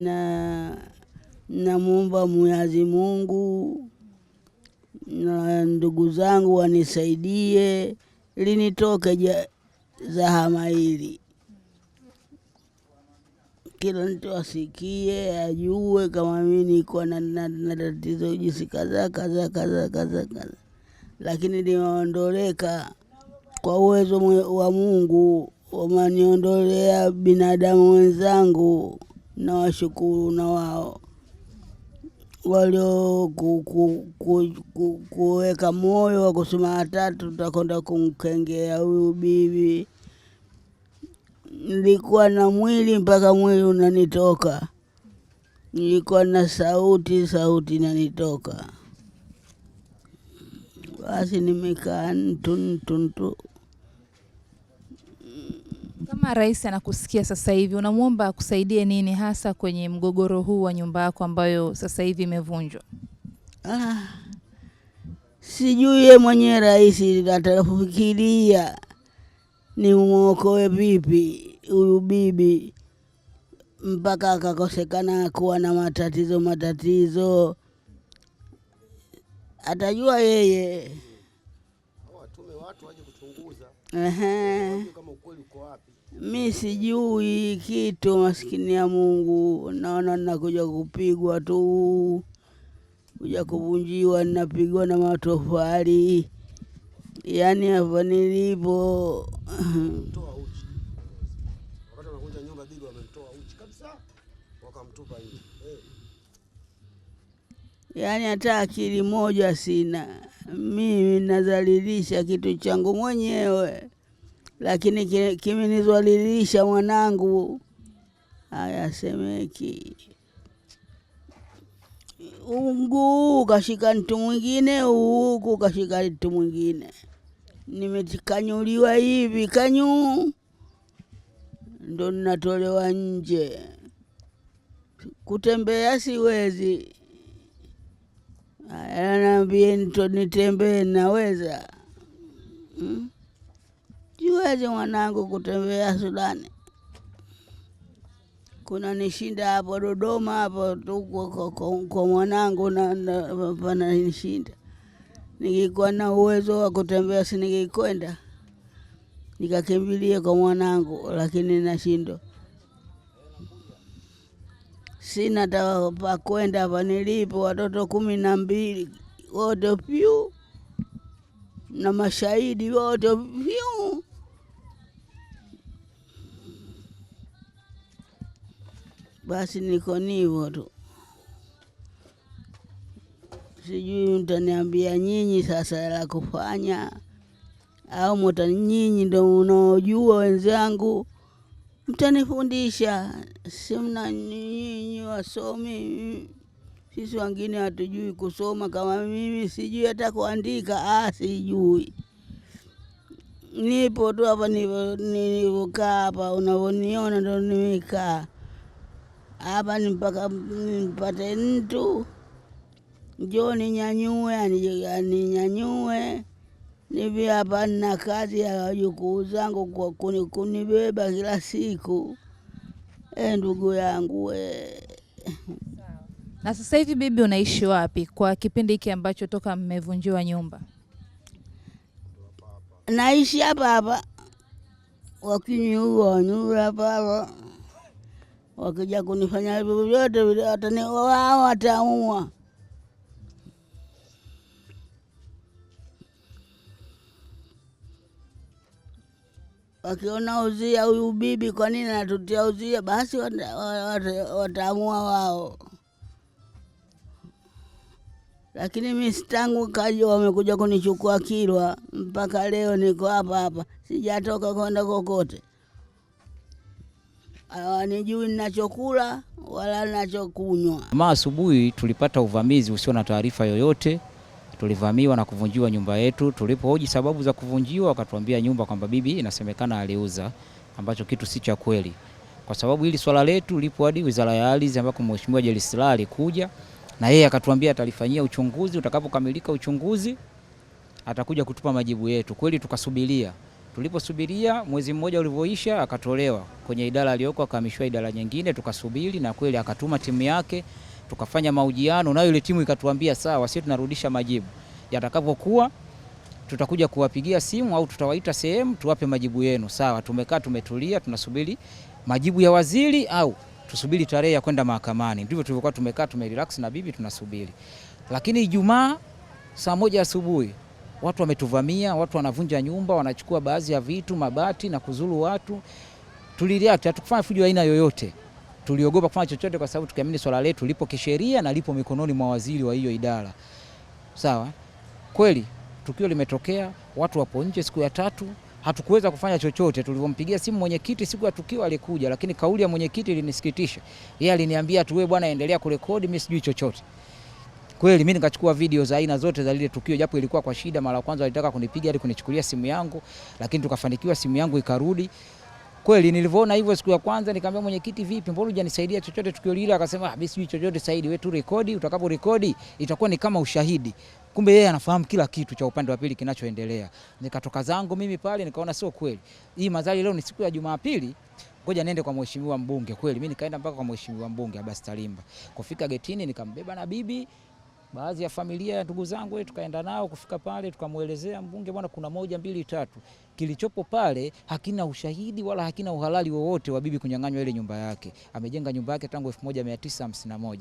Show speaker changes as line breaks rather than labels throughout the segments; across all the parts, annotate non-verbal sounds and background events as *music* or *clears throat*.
Na namwomba Mwenyezi Mungu na ndugu zangu wanisaidie linitoke zahama hili, kila mtu asikie, ajue kama mimi niko na tatizo jinsi kaza kadhaa kadhaa kadhaa, lakini limeondoleka kwa uwezo wa Mungu, wamaniondolea binadamu wenzangu na washukuru na wao walio kuweka moyo wa kusema watatu tutakwenda kumkengea huyu bibi. Nilikuwa na mwili mpaka mwili unanitoka, nilikuwa na sauti, sauti inanitoka. Basi nimekaa ntuntuntu.
Kama rais anakusikia sasa hivi, unamwomba akusaidie nini hasa kwenye mgogoro huu wa nyumba yako ambayo sasa hivi imevunjwa?
Ah, sijui yeye mwenyewe rais atafikiria ni muokoe vipi huyu bibi mpaka akakosekana kuwa na matatizo matatizo, atajua yeye. Watume watu waje kuchunguza kama ukweli uko wapi mi sijui kitu, maskini ya Mungu. Naona nakuja kupigwa tu, kuja kuvunjiwa, ninapigwa na matofali, yaani hapa nilipo eh. yaani hata akili moja sina mimi, nadhalilisha kitu changu mwenyewe lakini kimenizwalilisha mwanangu, semeki ungu kashika mtu mwingine, huku kashika mtu mwingine, nimekanyuliwa hivi kanyu, ndo ninatolewa nje. Kutembea siwezi, nto nitembee, naweza hmm? sijuwezi mwanangu kutembea Sudani, kuna nishinda hapo Dodoma hapo tuko kwa mwanangu pana nishinda. Nikikuwa na uwezo wa kutembea sinikikwenda nikakimbilia kwa mwanangu, lakini nashindwa, sina pa kwenda hapa nilipo. Watoto kumi na mbili wote pyu na mashahidi wote pyu. Basi niko nivo tu, sijui mtaniambia nyinyi sasa la kufanya, au mota nyinyi ndo unaojua wenzangu, mtanifundisha. Simna nyinyi wasomi, sisi wengine hatujui kusoma kama mimi, sijui hata kuandika, ah, sijui nipo tu hapa nilivyokaa hapa, unavoniona ndo nimekaa hapa mpaka nimpate mtu njoo ninyanyue, aninyanyue nivi hapa nina kazi ya wajukuu zangu kwa kunibeba kila siku. E, ndugu yangu e.
Na sasa hivi bibi, unaishi wapi kwa kipindi hiki ambacho toka mmevunjiwa nyumba?
Naishi hapa hapa hapa hapa wakija kunifanya hivyo vyote vile, wao wataua. Wakiona uzia huyu bibi, kwa nini anatutia uzia? Basi wataamua wao, lakini mi tangu kaji wamekuja kunichukua Kilwa mpaka leo niko hapa hapa, sijatoka kwenda kokote hawanijui ninachokula wala ninachokunywa.
Kama asubuhi tulipata uvamizi usio na taarifa yoyote, tulivamiwa na kuvunjiwa nyumba yetu. Tulipohoji sababu za kuvunjiwa, wakatuambia nyumba kwamba bibi inasemekana aliuza, ambacho kitu si cha kweli. Kwa sababu hili swala letu lipo hadi Wizara ya Ardhi ambako Mheshimiwa Jelisla alikuja na yeye akatuambia atalifanyia uchunguzi, utakapokamilika uchunguzi atakuja kutupa majibu yetu. Kweli tukasubiria Tuliposubiria mwezi mmoja ulivyoisha, akatolewa kwenye idara aliyoko, akahamishiwa idara nyingine, tukasubiri na kweli akatuma timu yake, tukafanya mahojiano nayo, ile timu ikatuambia sawa, sisi tunarudisha majibu yatakavyokuwa tutakuja kuwapigia simu au tutawaita sehemu tuwape majibu yenu. Sawa, tumekaa tumetulia, tunasubiri majibu ya waziri au tusubiri tarehe ya kwenda mahakamani. Ndivyo tulivyokuwa tumekaa tumerelax na bibi tunasubiri, lakini Ijumaa saa moja asubuhi Watu wametuvamia, watu wanavunja nyumba, wanachukua baadhi ya vitu, mabati na kuzuru watu. Tuliliacha, hatukufanya fujo aina yoyote. Tuliogopa kufanya chochote kwa sababu tukiamini swala letu lipo kisheria na lipo mikononi mwa waziri wa hiyo idara. Sawa? Kweli tukio limetokea, watu wapo nje siku ya tatu, hatukuweza kufanya chochote. Tulivyompigia simu mwenyekiti siku ya tukio alikuja, lakini kauli ya mwenyekiti ilinisikitisha. Yeye aliniambia tu, wewe bwana, endelea kurekodi, mimi sijui chochote. Kweli mimi nikachukua video za aina zote za lile tukio, japo ilikuwa kwa shida. Mara kwanza walitaka kunipiga hadi kunichukulia simu yangu, lakini tukafanikiwa, simu yangu ikarudi. Kweli nilivyoona hivyo siku ya kwanza nikamwambia mwenyekiti, vipi, mbona hujanisaidia chochote tukio lile? Akasema ah, sijui chochote Saidi, wewe tu rekodi, utakapo rekodi itakuwa ni kama ushahidi. Kumbe yeye anafahamu kila kitu cha upande wa pili kinachoendelea. Nikatoka zangu mimi pale, nikaona sio kweli. Hii madhali leo ni siku ya Jumapili, ngoja niende kwa mheshimiwa mbunge. Kweli mimi nikaenda mpaka kwa mheshimiwa mbunge Abbas Tarimba. Kufika getini nikambeba na bibi baadhi ya familia ya ndugu zangu tukaenda nao kufika pale, tukamwelezea mbunge, bwana, kuna moja mbili tatu, kilichopo pale hakina ushahidi wala hakina uhalali wowote wa bibi kunyang'anywa ile nyumba yake. Amejenga nyumba yake tangu 1951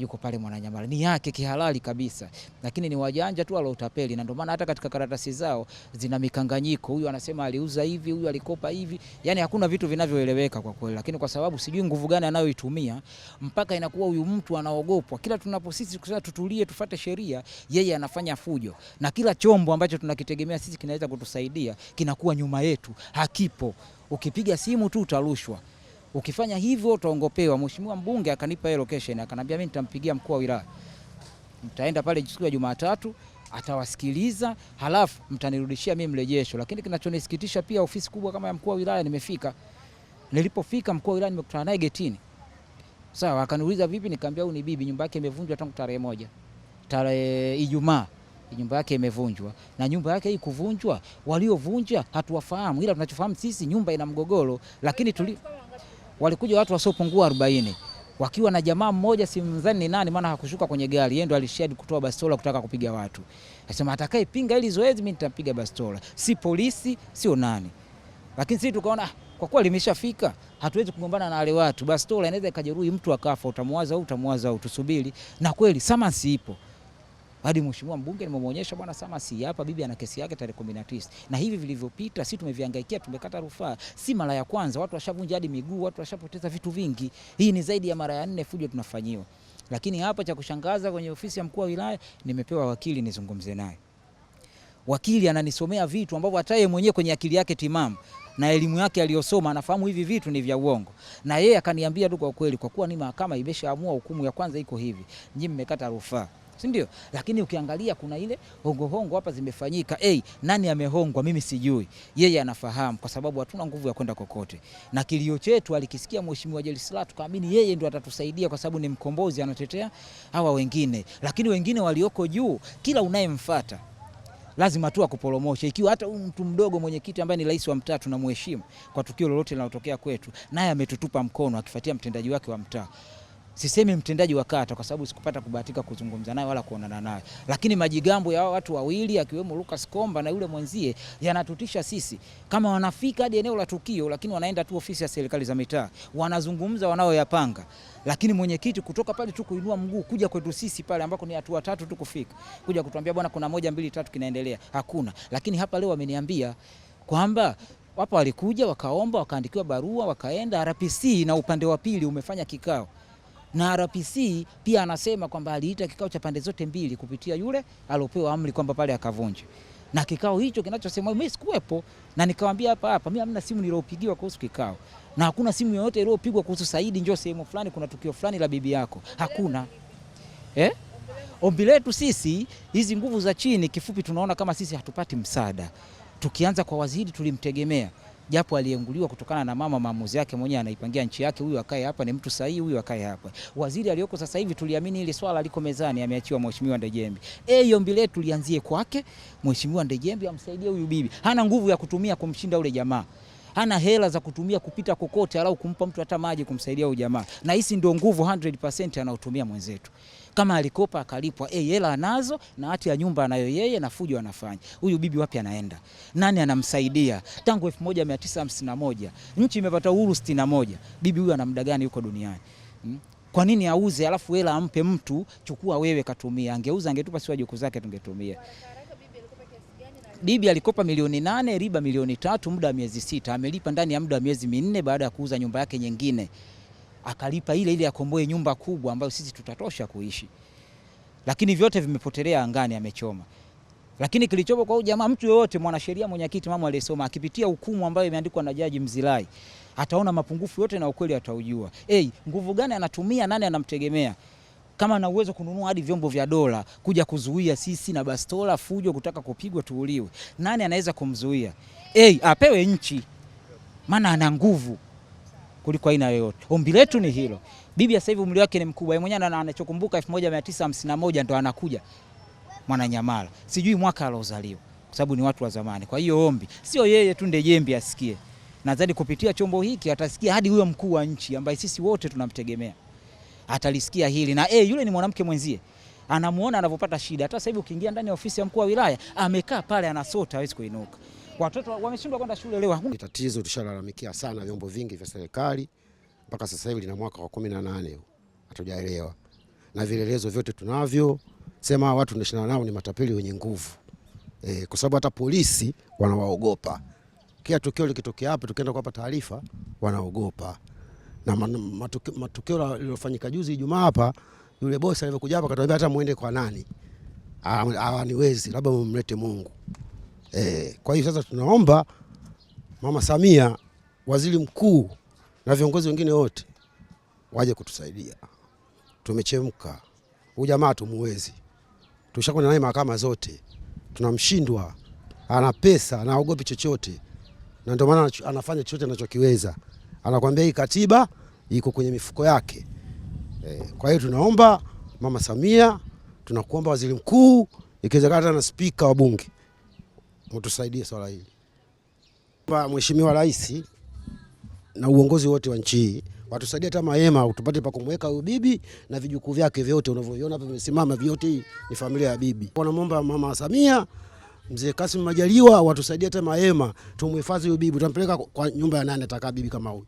yuko pale Mwananyamala, ni yake kihalali kabisa, lakini ni wajanja tu utapeli, na ndio maana hata katika karatasi zao zina mikanganyiko, huyu anasema aliuza hivi, huyu alikopa hivi, yani hakuna vitu vinavyoeleweka kwa kweli. Lakini kwa sababu sijui nguvu gani anayoitumia mpaka inakuwa huyu mtu anaogopwa. Kila tunapo sisi kusema tutulie, tufate sheria, yeye anafanya fujo, na kila chombo ambacho tunakitegemea sisi kinaweza kutusaidia kinakuwa nyuma yetu, hakipo. Ukipiga simu tu utarushwa ukifanya hivyo utaongopewa. Mheshimiwa mbunge akanipa hiyo location, akanambia mimi nitampigia mkuu wa wilaya, mtaenda pale siku ya Jumatatu atawasikiliza halafu mtanirudishia mimi mrejesho. Lakini kinachonisikitisha pia, ofisi kubwa kama ya mkuu wa wilaya nimefika. Nilipofika mkuu wa wilaya nimekutana naye getini, sawa. Akaniuliza vipi, nikamwambia huyu ni bibi, nyumba yake imevunjwa tangu tarehe moja, tarehe Ijumaa nyumba yake imevunjwa, na nyumba yake hii kuvunjwa, waliovunja hatuwafahamu, ila tunachofahamu sisi nyumba ina mgogoro, lakini tuli walikuja watu wasiopungua 40 wakiwa na jamaa mmoja, simdhani ni nani, maana hakushuka kwenye gari. Yeye ndo alishadi kutoa bastola kutaka kupiga watu, akasema atakayepinga hili zoezi mimi nitapiga bastola, si polisi sio nani. Lakini sisi tukaona ah, kwa kuwa limeshafika hatuwezi kugombana na wale watu, bastola inaweza ikajeruhi mtu akafa, utamwaza au utamwaza au tusubiri. Na kweli sama ipo hadi mheshimiwa mbunge nimemwonyesha bwana Sama, si hapa bibi ana kesi yake tarehe 19, na hivi vilivyopita, si tumevihangaikia, tumekata rufaa, si mara ya kwanza, watu washavunja hadi miguu, watu washapoteza vitu vingi. Hii ni zaidi ya mara ya nne fujo tunafanyiwa, lakini hapa cha kushangaza, kwenye ofisi ya mkuu wa wilaya nimepewa wakili nizungumze naye. Wakili ananisomea vitu ambavyo hata yeye mwenyewe kwenye akili yake timamu na elimu yake aliyosoma anafahamu hivi vitu ni vya uongo, na yeye akaniambia tu, kwa kweli, kwa kuwa ni mahakama imeshaamua hukumu ya kwanza iko hivi, nyinyi mmekata rufaa si ndio? Lakini ukiangalia kuna ile hongohongo hapa zimefanyika. Hey, nani amehongwa? Mimi sijui, yeye anafahamu, kwa sababu hatuna nguvu ya kwenda kokote, na kilio chetu alikisikia mheshimiwa Jelisla, tukaamini yeye ndio atatusaidia, kwa sababu ni mkombozi, anatetea hawa wengine. Lakini wengine walioko juu, kila unayemfuata lazima tu akuporomoshe. Ikiwa hata mtu mdogo mwenyekiti ambaye ni rais wa mtaa tunamheshimu kwa tukio lolote linalotokea kwetu, naye ametutupa mkono akifuatia mtendaji wake wa mtaa sisemi mtendaji wa kata kwa sababu sikupata kubahatika kuzungumza naye wala kuonana naye, lakini majigambo ya watu wawili akiwemo Lucas Komba na yule mwenzie yanatutisha sisi, kama wanafika hadi eneo la tukio, lakini wanaenda tu ofisi ya serikali za mitaa, wanazungumza wanaoyapanga, lakini mwenyekiti kutoka pale tu kuinua mguu kuja kwetu sisi pale ambako ni hatua tatu tu kufika, kuja kutuambia bwana, kuna moja mbili tatu kinaendelea, hakuna. Lakini hapa leo wameniambia kwamba wapo walikuja wakaomba, wakaandikiwa barua, wakaenda RPC na upande wa pili umefanya kikao na RPC pia anasema kwamba aliita kikao cha pande zote mbili kupitia yule aliopewa amri kwamba pale akavunje, na kikao hicho kinachosema mimi sikuwepo, na nikamwambia hapa hapa, mimi hamna simu niliyopigiwa kuhusu kikao, na hakuna simu yoyote iliyopigwa kuhusu Saidi, njoo sehemu fulani, kuna tukio fulani la bibi yako, hakuna eh? Ombi letu sisi, hizi nguvu za chini, kifupi, tunaona kama sisi hatupati msaada. Tukianza kwa waziri tulimtegemea japo alienguliwa kutokana na mama maamuzi yake mwenyewe, anaipangia nchi yake, huyu akae hapa ni mtu sahihi, huyu akae hapa. Waziri aliyoko sasa hivi tuliamini ile swala liko mezani, ameachiwa mheshimiwa Ndejembi. Eh, ombi letu lianzie kwake, mheshimiwa Ndejembi amsaidie huyu bibi, hana nguvu ya kutumia kumshinda ule jamaa hana hela za kutumia kupita kokote, alau kumpa mtu hata maji kumsaidia huyo jamaa. Na hisi ndio nguvu 100% anaotumia mwenzetu. Kama alikopa akalipwa, eh, hela anazo na hati ya nyumba anayo yeye na fujo anafanya. Huyu bibi wapi anaenda? Nani anamsaidia? Tangu 1951 nchi imepata uhuru 61. Bibi huyu ana muda gani yuko duniani? Hmm? Kwa nini auze alafu hela ampe mtu? Chukua wewe, katumia. Angeuza angetupa, si wajukuu zake tungetumia. Dibi alikopa milioni nane riba milioni tatu muda wa miezi sita. Amelipa ndani ya muda wa miezi minne baada ya kuuza nyumba yake nyingine, akalipa ile ile akomboe nyumba kubwa ambayo sisi tutatosha kuishi, lakini vyote vimepotelea angani, amechoma. Lakini kilichopo kwa ujamaa, mtu yoyote, mwanasheria, mwenyekiti, mama aliyesoma, akipitia hukumu ambayo imeandikwa na Jaji Mzilai ataona mapungufu yote na ukweli ataujua. Hey, nguvu gani anatumia, nani anamtegemea? kama na uwezo kununua hadi vyombo vya dola kuja kuzuia sisi na bastola fujo kutaka kupigwa tuuliwe, nani anaweza kumzuia? Hey, apewe nchi, maana ana nguvu kuliko aina yoyote. Ombi letu ni hilo. Bibi sasa hivi umri wake ni mkubwa, yeye mwenyewe anachokumbuka 1951 ndo anakuja Mwananyamala, sijui mwaka alozaliwa kwa sababu ni watu wa zamani. Kwa hiyo ombi sio yeye tu ndiye jembe asikie, nadhani kupitia chombo hiki atasikia hadi huyo mkuu wa nchi ambaye sisi wote tunamtegemea atalisikia hili na eh, yule ni mwanamke mwenzie anamuona anavyopata shida. Hata sasa hivi ukiingia ndani ya ofisi ya mkuu wa wilaya amekaa pale anasota, hawezi kuinuka. Watoto wameshindwa kwenda shule leo. Hakuna
Tatizo tushalalamikia sana vyombo vingi vya serikali, mpaka sasa hivi lina mwaka wa 18 hatujaelewa, na vilelezo vyote tunavyo sema watu tunashindana nao ni matapeli wenye nguvu e, kwa sababu hata polisi wanawaogopa. Kila tukio likitokea hapa, tukienda kuwapa taarifa wanaogopa na matokeo yaliyofanyika juzi Ijumaa hapa, yule bosi alivyokuja hapa akatuambia hata muende kwa nani, hawaniwezi labda mumlete Mungu e. Kwa hiyo sasa tunaomba Mama Samia, waziri mkuu na viongozi wengine wote waje kutusaidia. Tumechemka, huyu jamaa tumuwezi, tushakwenda naye mahakama zote, tunamshindwa. Ana pesa, na anaogopi chochote, na ndio maana anafanya chochote anachokiweza. Anakuambia hii katiba iko kwenye mifuko yake. E, kwa hiyo tunaomba Mama Samia, tunakuomba Waziri Mkuu, ikiwezekana na Spika wa Bunge, mtusaidie swala hili. Mheshimiwa Rais na uongozi wote wa nchi hii watusaidie hata mahema utupate pa kumweka huyu bibi na vijukuu vyake vyote unavyoiona hapa vimesimama vyote, ni familia ya bibi. Wanamwomba Mama Samia, Mzee Kasim Majaliwa watusaidie hata mahema, tumhifadhi huyu bibi, tutampeleka kwa nyumba ya nani atakaa bibi kama huyu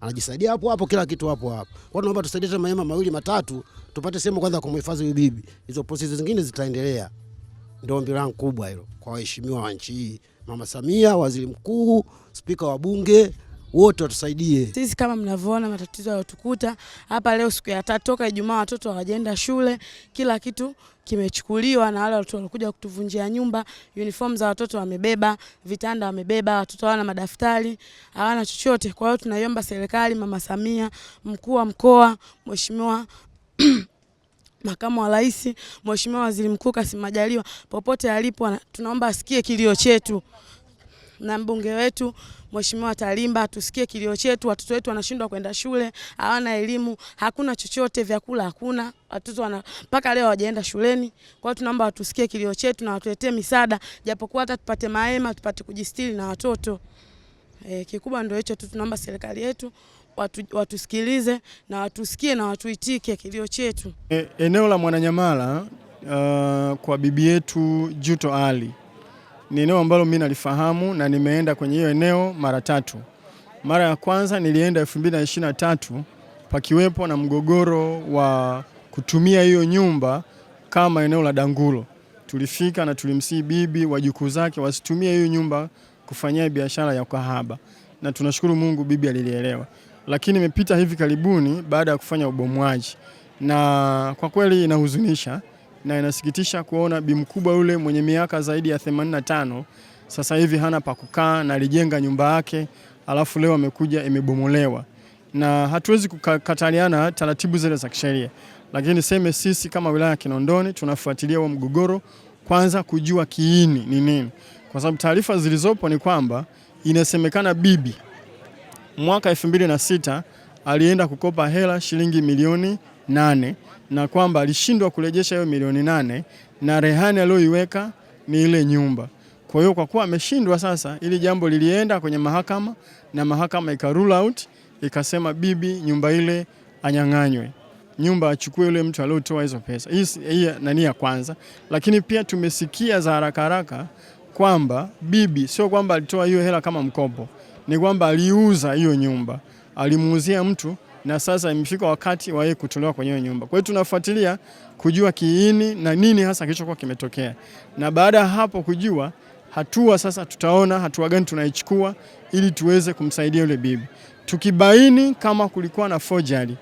anajisaidia hapo hapo, kila kitu hapo hapo. Kwa naomba tusaidie mahema mawili matatu, tupate sehemu kwanza kumhifadhi huyu bibi. Hizo prosesi zingine zitaendelea. Ndio ombi langu kubwa hilo kwa waheshimiwa wa nchi hii, Mama Samia, waziri mkuu, spika wa bunge wote watusaidie.
Sisi kama mnavyoona matatizo yatukuta hapa leo, siku ya tatu toka Ijumaa watoto hawajaenda shule, kila kitu kimechukuliwa na wale watu walikuja kutuvunjia nyumba. Uniform za watoto wamebeba, vitanda wamebeba, watoto hawana madaftari, hawana chochote. Kwa hiyo tunaiomba serikali, Mama Samia, mkuu wa mkoa, mheshimiwa *clears throat* makamu wa rais, mheshimiwa waziri mkuu Kassim Majaliwa, popote alipo, tunaomba asikie kilio chetu na mbunge wetu Mheshimiwa Talimba, tusikie kilio chetu. Watoto wetu wanashindwa kwenda shule, hawana elimu, hakuna chochote, vyakula hakuna, watoto wana mpaka leo hawajaenda shuleni. Kwa hiyo tunaomba watusikie kilio chetu na watuletee misaada, japokuwa hata tupate mahema, tupate kujistiri na watoto e, kikubwa ndio hicho tu. Tunaomba serikali yetu watu, watusikilize na watusikie na watuitike kilio chetu.
E, eneo la Mwananyamala uh, kwa bibi yetu Juto Ali ni eneo ambalo mimi nalifahamu na nimeenda kwenye hiyo eneo mara tatu. Mara ya kwanza nilienda 2023 pakiwepo na mgogoro wa kutumia hiyo nyumba kama eneo la dangulo. Tulifika na tulimsii bibi wajukuu zake wasitumie hiyo nyumba kufanyia biashara ya kahaba na tunashukuru Mungu bibi alilielewa. Lakini imepita hivi karibuni baada ya kufanya ubomwaji, na kwa kweli inahuzunisha na inasikitisha kuona bi mkubwa yule mwenye miaka zaidi ya 85 sasa hivi hana pa kukaa na alijenga nyumba yake, alafu leo amekuja imebomolewa, na hatuwezi kukataliana taratibu zile za kisheria, lakini seme sisi kama wilaya ya Kinondoni tunafuatilia huo mgogoro kwanza kujua kiini ni nini, kwa sababu taarifa zilizopo ni kwamba inasemekana bibi mwaka 2006 alienda kukopa hela shilingi milioni nane na kwamba alishindwa kurejesha hiyo milioni nane na rehani aliyoiweka ni ile nyumba. Kwa hiyo kwa kuwa ameshindwa sasa, ili jambo lilienda kwenye mahakama na mahakama ika rule out ikasema, bibi nyumba ile anyang'anywe, nyumba achukue yule mtu aliyotoa hizo pesa. Hii nani ya kwanza. Lakini pia tumesikia za haraka haraka kwamba bibi sio kwamba alitoa hiyo hela kama mkopo, ni kwamba aliuza hiyo nyumba, alimuuzia mtu na sasa imefika wakati wa yeye kutolewa kwenye hiyo nyumba. Kwa hiyo tunafuatilia kujua kiini na nini hasa kilichokuwa kimetokea, na baada ya hapo kujua hatua sasa, tutaona hatua gani tunaichukua ili tuweze kumsaidia yule bibi. Tukibaini kama kulikuwa na forgery,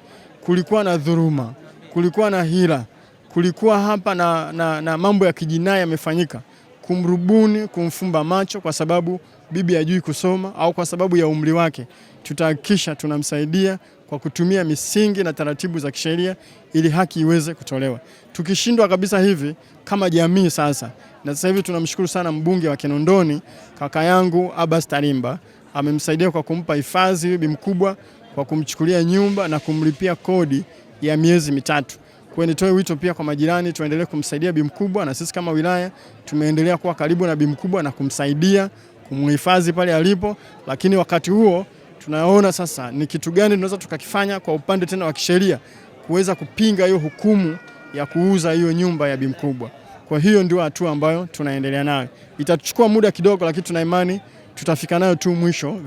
kulikuwa na dhuruma, kulikuwa na hila, kulikuwa hapa na, na, na mambo ya kijinai yamefanyika, kumrubuni, kumfumba macho kwa sababu bibi hajui kusoma au kwa sababu ya umri wake, tutahakikisha tunamsaidia kwa kutumia misingi na taratibu za kisheria ili haki iweze kutolewa. Tukishindwa kabisa hivi kama jamii sasa, na sasa hivi tunamshukuru sana mbunge wa Kinondoni kaka yangu Abbas Tarimba amemsaidia kwa kumpa hifadhi bibi mkubwa kwa kumchukulia nyumba na kumlipia kodi ya miezi mitatu. Kwa nitoe wito pia kwa majirani tuendelee kumsaidia bibi mkubwa, na sisi kama wilaya tumeendelea kuwa karibu na bibi mkubwa na kumsaidia kumhifadhi pale alipo, lakini wakati huo tunaona sasa ni kitu gani tunaweza tukakifanya kwa upande tena wa kisheria kuweza kupinga hiyo hukumu ya kuuza hiyo nyumba ya bi mkubwa. Kwa hiyo ndio hatua ambayo tunaendelea nayo, itachukua muda kidogo, lakini tuna imani tutafika nayo tu mwisho.